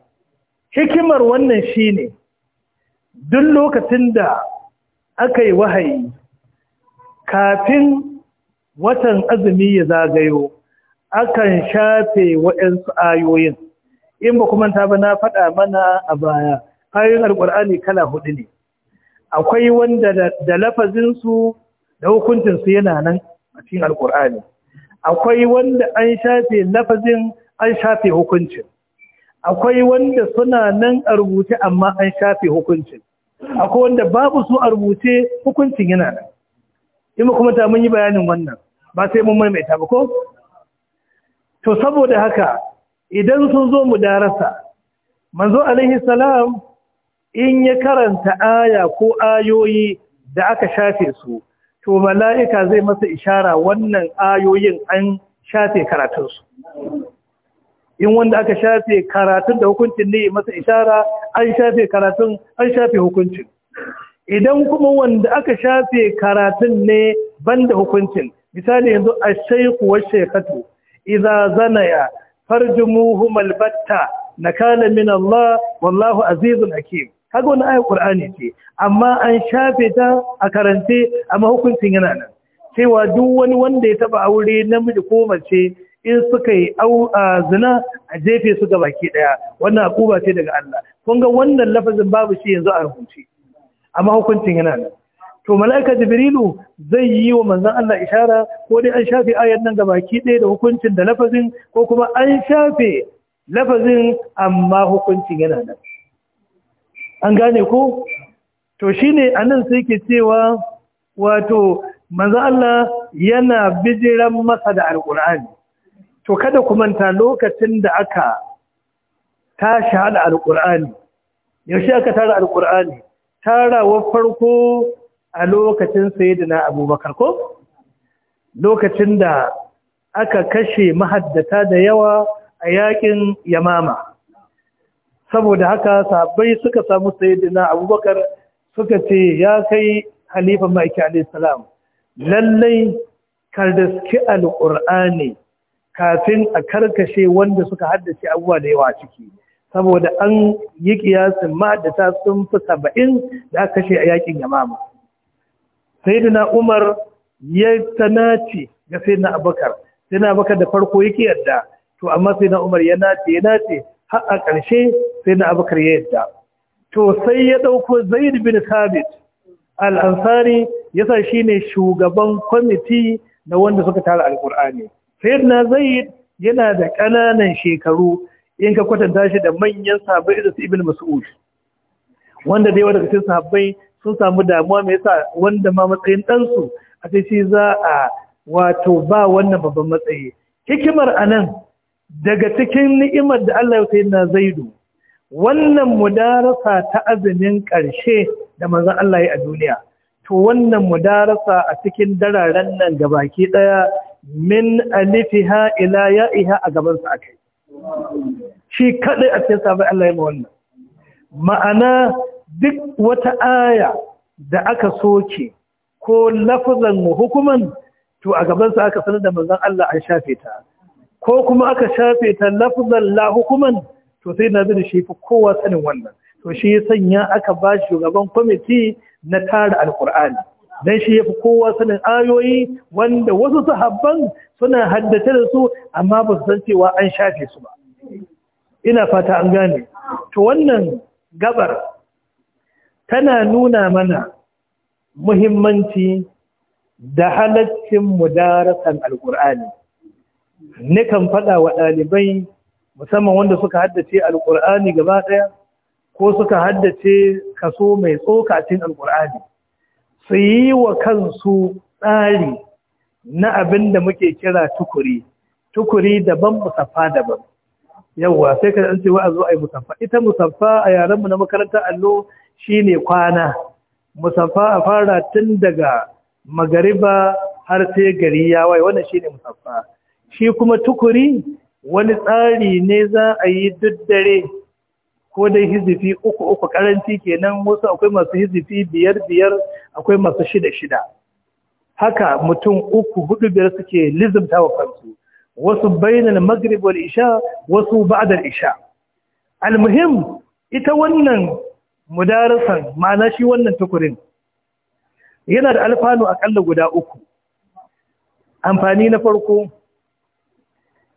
hikimar wannan shine duk lokacin da aka yi wahayi kafin watan azumi ya zagayo akan shafe waɗansu ayoyin in ba kuma ta ba na faɗa mana a baya ayoyin alƙur'ani kala hudu ne akwai wanda da lafazinsu da hukuncinsu yana nan a cikin alƙur'ani akwai wanda an shafe lafazin an shafe hukuncin akwai wanda suna nan a rubuce amma an shafe hukuncin akwai wanda babu su a rubuce hukuncin yana nan in kuma ta mun yi bayanin wannan ba sai mun maimaita ba ko to saboda haka idan sun zo mu darasa manzo alaihi salam in ya karanta aya ko ayoyi da aka shafe su to mala'ika zai masa ishara wannan ayoyin an shafe karatunsu in wanda aka shafe karatun da hukuncin ne masa ishara an shafe karatun an shafe hukuncin idan kuma wanda aka shafe karatun ne banda hukuncin misali yanzu a shaykhu wash-shaykhatu idza zanaya farjumuhum malbatta na nakala min Allah wallahu azizun hakim kaga wani ayar Qur'ani ce amma an shafe ta a karante amma hukuncin yana nan cewa duk wani wanda ya taba aure namiji ko mace in suka yi zina a jefe su ga baki daya wannan akuba ce daga Allah kun ga wannan lafazin babu shi yanzu a rubuce amma hukuncin yana nan to mala'ika jibrilu zai yi wa manzon Allah ishara ko dai an shafe ayar nan ga baki daya da hukuncin da lafazin ko kuma an shafe lafazin amma hukuncin yana nan an gane ko to shine anan sai ke cewa wato manzon Allah yana bijiran masa da alqur'ani to kada ku manta lokacin da aka tashi hada alqur'ani yaushe aka tara Tara wa farko a lokacin sayyidina abubakar ko lokacin da aka kashe mahaddata da yawa a yakin yamama saboda haka sabai suka samu sayyidina abubakar suka ce ya kai halifan ma'aiki alaihissalam lallai ka riski alƙur'ani kafin a karkashe wanda suka haddace abuwa da yawa ciki saboda an yi kiyasin ta sun fi saba'in da aka kashe a yakin yamama sai na umar ya tanace ga sai na abakar sai na abakar da farko ya ke yadda to amma sai na umar ya nace ya nace har a ƙarshe sai na abakar ya yadda to sai ya ɗauko zaid bin sabit al-ansari ya sa shine shugaban kwamiti na wanda suka tara Alkur'ani. na zai yana da ƙananan shekaru in ka kwatanta shi da manyan sahabbai da su ibn mas'ud wanda da yawa cikin sahabbai sun samu damuwa mai yasa wanda ma matsayin ɗansu a sai shi za a wato ba wannan babban matsayi hikimar anan daga cikin ni'imar da Allah ya sayyidina zaidu wannan mudarasa ta azumin ƙarshe da mazan Allah ya a duniya to wannan mudarasa a cikin dararen nan gabaki daya min alifiha ila ya'iha a gabansa a kai shi kaɗai a cikin sabai Allah ya wannan ma'ana duk wata aya da aka soke ko lafazan mu hukuman to a gabansa aka sanar da manzon Allah an shafe ta ko kuma aka shafe ta lafazan la hukuman to sai na zai shi fi kowa sanin wannan to shi sanya aka ba shugaban kwamiti na tara alkur'ani dan shi yafi kowa sanin ayoyi wanda wasu sahabban suna haddace da su amma ba su san cewa an shafe su ba ina fata an gane to wannan gabar tana nuna mana muhimmanci da halaccin mudarasan alkur'ani Nakan faɗawa wa ɗalibai musamman wanda suka haddace alkur'ani gaba ɗaya ko suka haddace kaso mai tsokacin alkur'ani su yi wa kansu tsari na abin da muke kira tukuri tukuri daban musaffa daban yawwa sai ka ce cewa a zo a yi musaffa ita musaffa a yarenmu na makarantar allo shi ne kwana musaffa a fara tun daga magariba har sai gari ya wanda wannan ne musaffa shi kuma tukuri wani tsari ne za a yi duk dare ko dai hizifi uku uku karanci kenan wasu akwai masu hizifi biyar biyar akwai masu shida shida haka mutum uku hudu biyar suke lizimta wa kansu wasu bainal maghrib wal isha wasu ba'da isha almuhim ita wannan mudarasan ma'ana shi wannan tukurin yana da alfanu akalla guda uku amfani na farko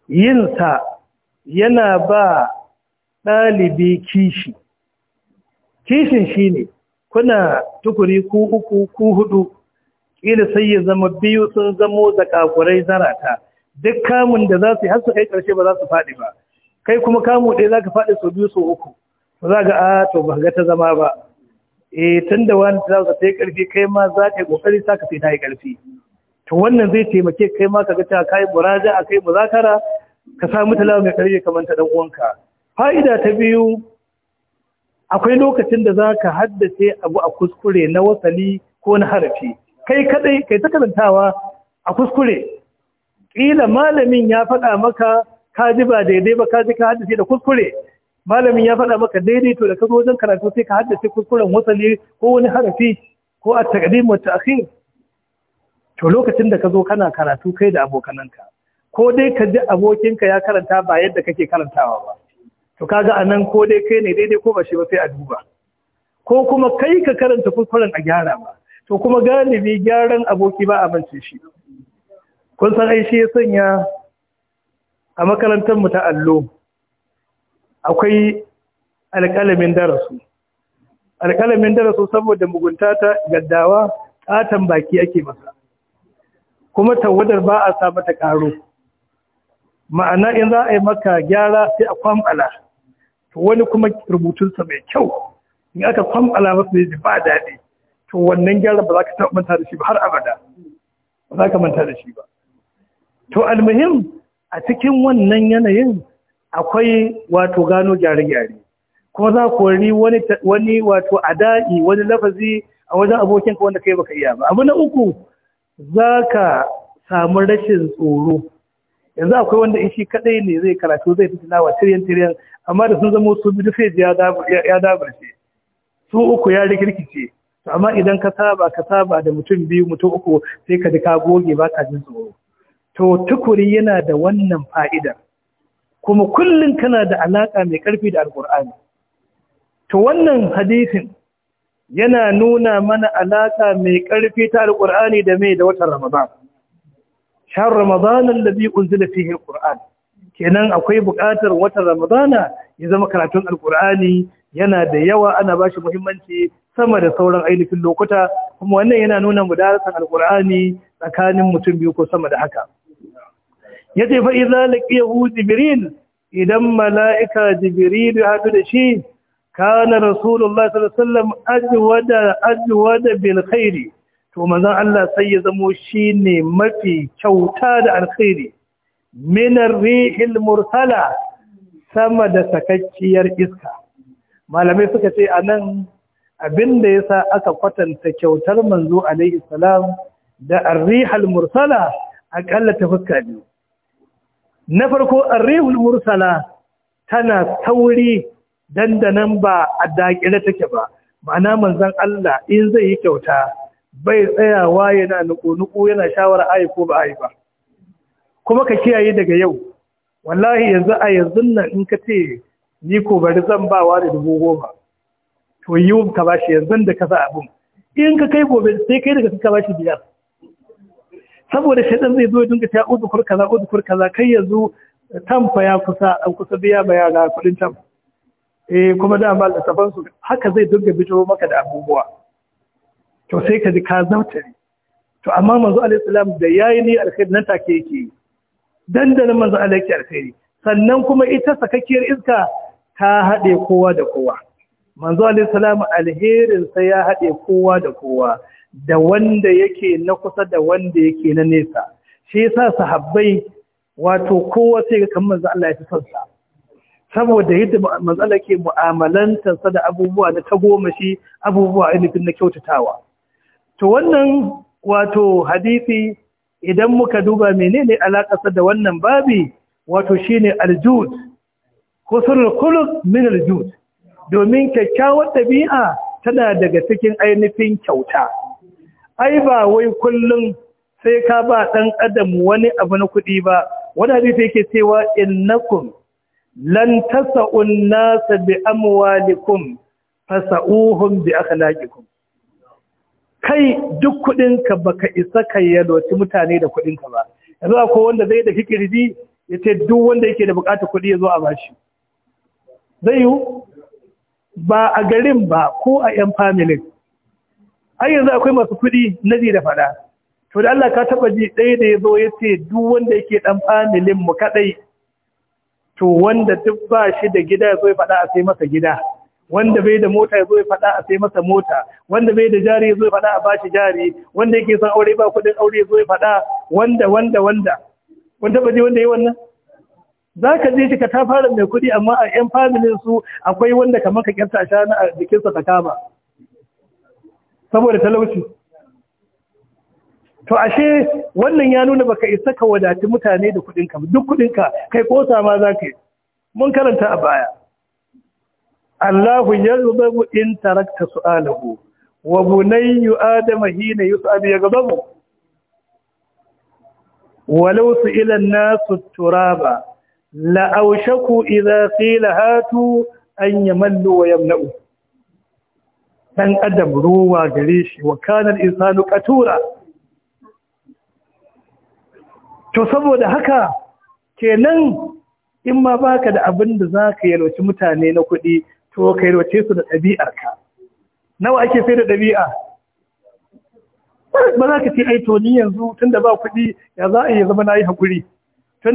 yinsa yana ba ɗalibi kishi kishin shi ne kuna tukuri ku uku ku hudu ƙila sai ya zama biyu sun zamo da ƙafurai zarata duk kamun da za su yi har kai ƙarshe ba za su faɗi ba kai kuma kamun ɗaya za ka faɗi sau biyu sau uku ba za ga a to ba ga ta zama ba eh tun da wani ta za ta yi ƙarfi kai ma za ka yi ƙoƙari sa ka sai ta yi ƙarfi to wannan zai taimake kai ma ka ga ta kai muraja a kai muzakara ka samu talawa mai ƙarfi kamar ta ɗan uwanka fa'ida ta biyu akwai lokacin da za ka haddace abu a kuskure na wasali ko na harafi kai kadai kai ta karantawa a kuskure ƙila malamin ya faɗa maka ka ji ba daidai ba ka ji ka haddace da kuskure malamin ya faɗa maka daidai to da ka zo wajen karatu sai ka haddace kuskuren wasali ko wani harafi ko a taqdim to lokacin da ka zo kana karatu kai da abokananka ko dai ka ji abokinka ya karanta ba yadda kake karantawa ba to kaga anan ko dai kai ne daidai ko ba shi ba sai a duba ko kuma kai ka karanta kuskuren a gyara ba to kuma galibi gyaran aboki ba a mance shi kun san ai shi ya sanya a makarantar mu ta allo akwai alƙalamin darasu alƙalamin darasu saboda mugunta ta gaddawa ƙaton baki ake masa kuma tawadar ba a sa mata ƙaro ma'ana in za a yi maka gyara sai a kwamfala to wani kuma rubutunsa mai kyau in aka kwamfala masa ne ji ba daɗi to wannan gyara ba za ka manta da shi ba har abada ba za ka manta da shi ba to almuhim a cikin wannan yanayin akwai wato gano gyare-gyare kuma za ku wani wani wato ada'i wani lafazi a wajen abokinka wanda kai baka iya ba abu na uku za ka samu rashin tsoro yanzu akwai wanda in shi kadai ne zai karatu zai fi wa tiryan tiryan amma da sun zama su biyu sai ya dabarce su uku ya rikirkice to amma idan ka saba ka saba da mutum biyu mutum uku sai ka ji ka goge ba ka jin tsoro to tukuri yana da wannan fa'ida kuma kullum kana da alaka mai karfi da alkur'ani to wannan hadisin yana nuna mana alaka mai karfi ta alkur'ani da mai da watan ramadan shahar ramadan alladhi unzila fihi alqur'an kenan akwai buƙatar watan ramadana ya zama karatun Alƙur'ani yana da yawa ana ba shi muhimmanci sama da sauran ainihin lokuta kuma wannan yana nuna mudarasan Alƙur'ani tsakanin mutum biyu ko sama da haka Ya ce fa idza hu jibril idan mala'ika jibril ya hadu da shi kana rasulullah sallallahu alaihi sallam ajwada da bil khairi to manzon Allah sai ya zamo shi ne mafi kyauta da alkhairi minar rihil mursala sama da sakakkiyar iska malamai suka ce anan, nan abinda ya sa aka kwatanta kyautar manzo alaihi salam da arrihal mursala akalla ta fuska biyu na farko arrihul mursala tana sauri dandanan ba a daƙile take ba ma'ana manzon Allah in zai yi kyauta bai tsayawa yana nuku-nuku yana shawara ayi ko ba ayi ba kuma ka kiyaye daga yau wallahi yanzu a yanzu nan in ka ce ni ko bari zan ba wa da dubu goma to yi ka ba shi yanzu da ka sa abin in ka kai gobe sai kai daga ka ba shi biyar saboda shaidan zai zo dinka ta uzukur kaza uzukur kaza kai yanzu eh, tamfa ya kusa an kusa biya ba yara kudin tam eh kuma da amma safan su haka zai dinga bijo maka da abubuwa to sai ka ji ka zautare to amma manzo alaihi salam da yayi ni alkhidnata ke take yake Dandalin manzo Allah yake alkhairi sannan kuma ita sakakkiyar iska ta haɗe kowa da kowa manzo Allah salamu alherin sai ya haɗe kowa da kowa da wanda yake na kusa da wanda yake na nesa shi yasa sahabbai wato kowa sai ga kamar manzo Allah ya fi son saboda yadda manzo Allah ke mu'amalantar sa da abubuwa na tagomashi abubuwa ainihin na kyautatawa to wannan wato hadisi idan muka duba menene alaƙasa da wannan babi wato shine aljud kusurul khuluq min aljud domin kyakkyawar ɗabi'a tana daga cikin ainihin kyauta ai ba wai kullum sai ka ba ɗan adam wani abu na kuɗi ba wani hadisi yake cewa innakum lan tasa'un nasa bi amwalikum fasa'uhum bi akhlaqikum kai duk kuɗinka baka isa ka yalwaci mutane da kuɗinka ba yanzu akwai wanda zai da fikirji ya ce duk wanda yake da buƙatar kuɗi ya zo a bashi zai yi ba a garin ba ko a 'yan familin ai yanzu akwai masu kuɗi naji da faɗa to da Allah ka taba ji ɗaya da yazo zo ya ce duk wanda yake ɗan familin mu kadai, to wanda duk ba shi da gida ya zo ya faɗa a sai masa gida wanda bai da mota zo ya faɗa a sai masa mota wanda bai da jari zo ya faɗa a bashi jari wanda yake son aure ba kuɗin aure zo ya faɗa wanda wanda wanda wanda baje wanda yi wannan za ka je shi ka ta fara mai kuɗi amma a ƴan familin su akwai wanda kamar ka kyanta a na a jikinsa ta kama saboda talauci to ashe wannan ya nuna baka isa ka wadati mutane da kuɗinka duk kuɗinka kai kosa ma za ka yi mun karanta a baya Allahu mu in tarakta su'alahu wa bunayyu adama hina gaba mu walau su ila nasu turaba la awshaku idha qila hatu an yamallu wa yamna'u dan adam ruwa gare shi wa kana al-insanu qatura to saboda haka kenan in ma baka da abin da zaka yalwaci mutane na kuɗi to kai su da ɗabi'arka nawa ake sai da ɗabi'a ba za ka ce ai to ni yanzu da ba kuɗi ya za a yi zama na yi haƙuri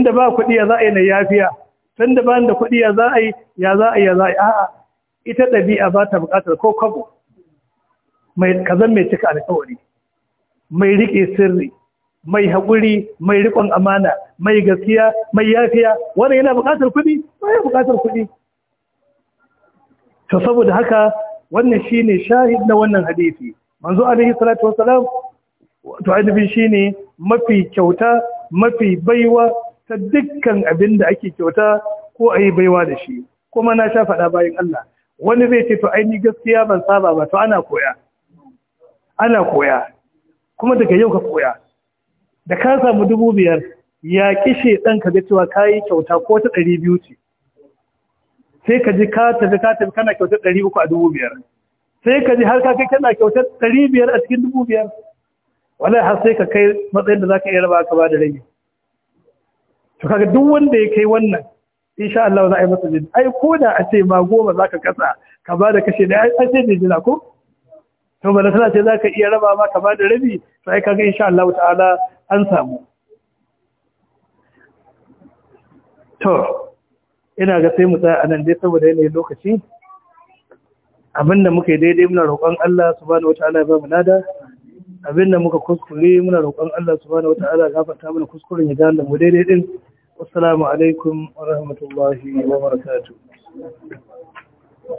da ba kuɗi ya za a yi na yafiya tun da ba da kuɗi ya za a yi ya za a yi ya za a yi a'a ita ɗabi'a ba ta buƙatar ko kwabo mai kazan mai cika alƙawari mai riƙe sirri mai haƙuri mai riƙon amana mai gaskiya mai yafiya wannan yana buƙatar kuɗi ba ya buƙatar kuɗi to saboda haka wannan shine shahid na wannan hadisi manzo alaihi salatu wasalam to ainihin shine mafi kyauta mafi baiwa ta dukkan abin da ake kyauta ko ayi baiwa da shi kuma na sha faɗa bayan Allah wani zai ce to aini gaskiya ban saba ba to ana koya ana koya kuma daga yau ka koya da ka samu dubu biyar ya kishe ɗan ka ga cewa ka yi kyauta ko ta ɗari biyu ce sai ka ji ka tafi ka tafi kana kyautar ɗari uku a dubu biyar sai ka ji har ka kai kana kyautar ɗari biyar a cikin dubu biyar wala har sai ka kai matsayin da za ka iya raba ka ba da rage to kaga duk wanda ya kai wannan insha Allah za a yi masa jini ai ko da a ce ma goma za ka kasa ka ba da kashe da ai sai da jina ko to ba da ce za ka iya raba ma ka ba da rabi to ai kaga insha Allah ta'ala an samu to ina ga sai mu tsaya a nan dai saboda yanayi lokaci abinda muka yi daidai muna roƙon Allah subhanahu wata'ala ya ba mu nada abinda muka kuskure muna roƙon Allah subhanahu wata'ala ya gafarta mana kuskuren ya gane mu daidai din assalamu alaikum wa rahmatullahi wa barakatuh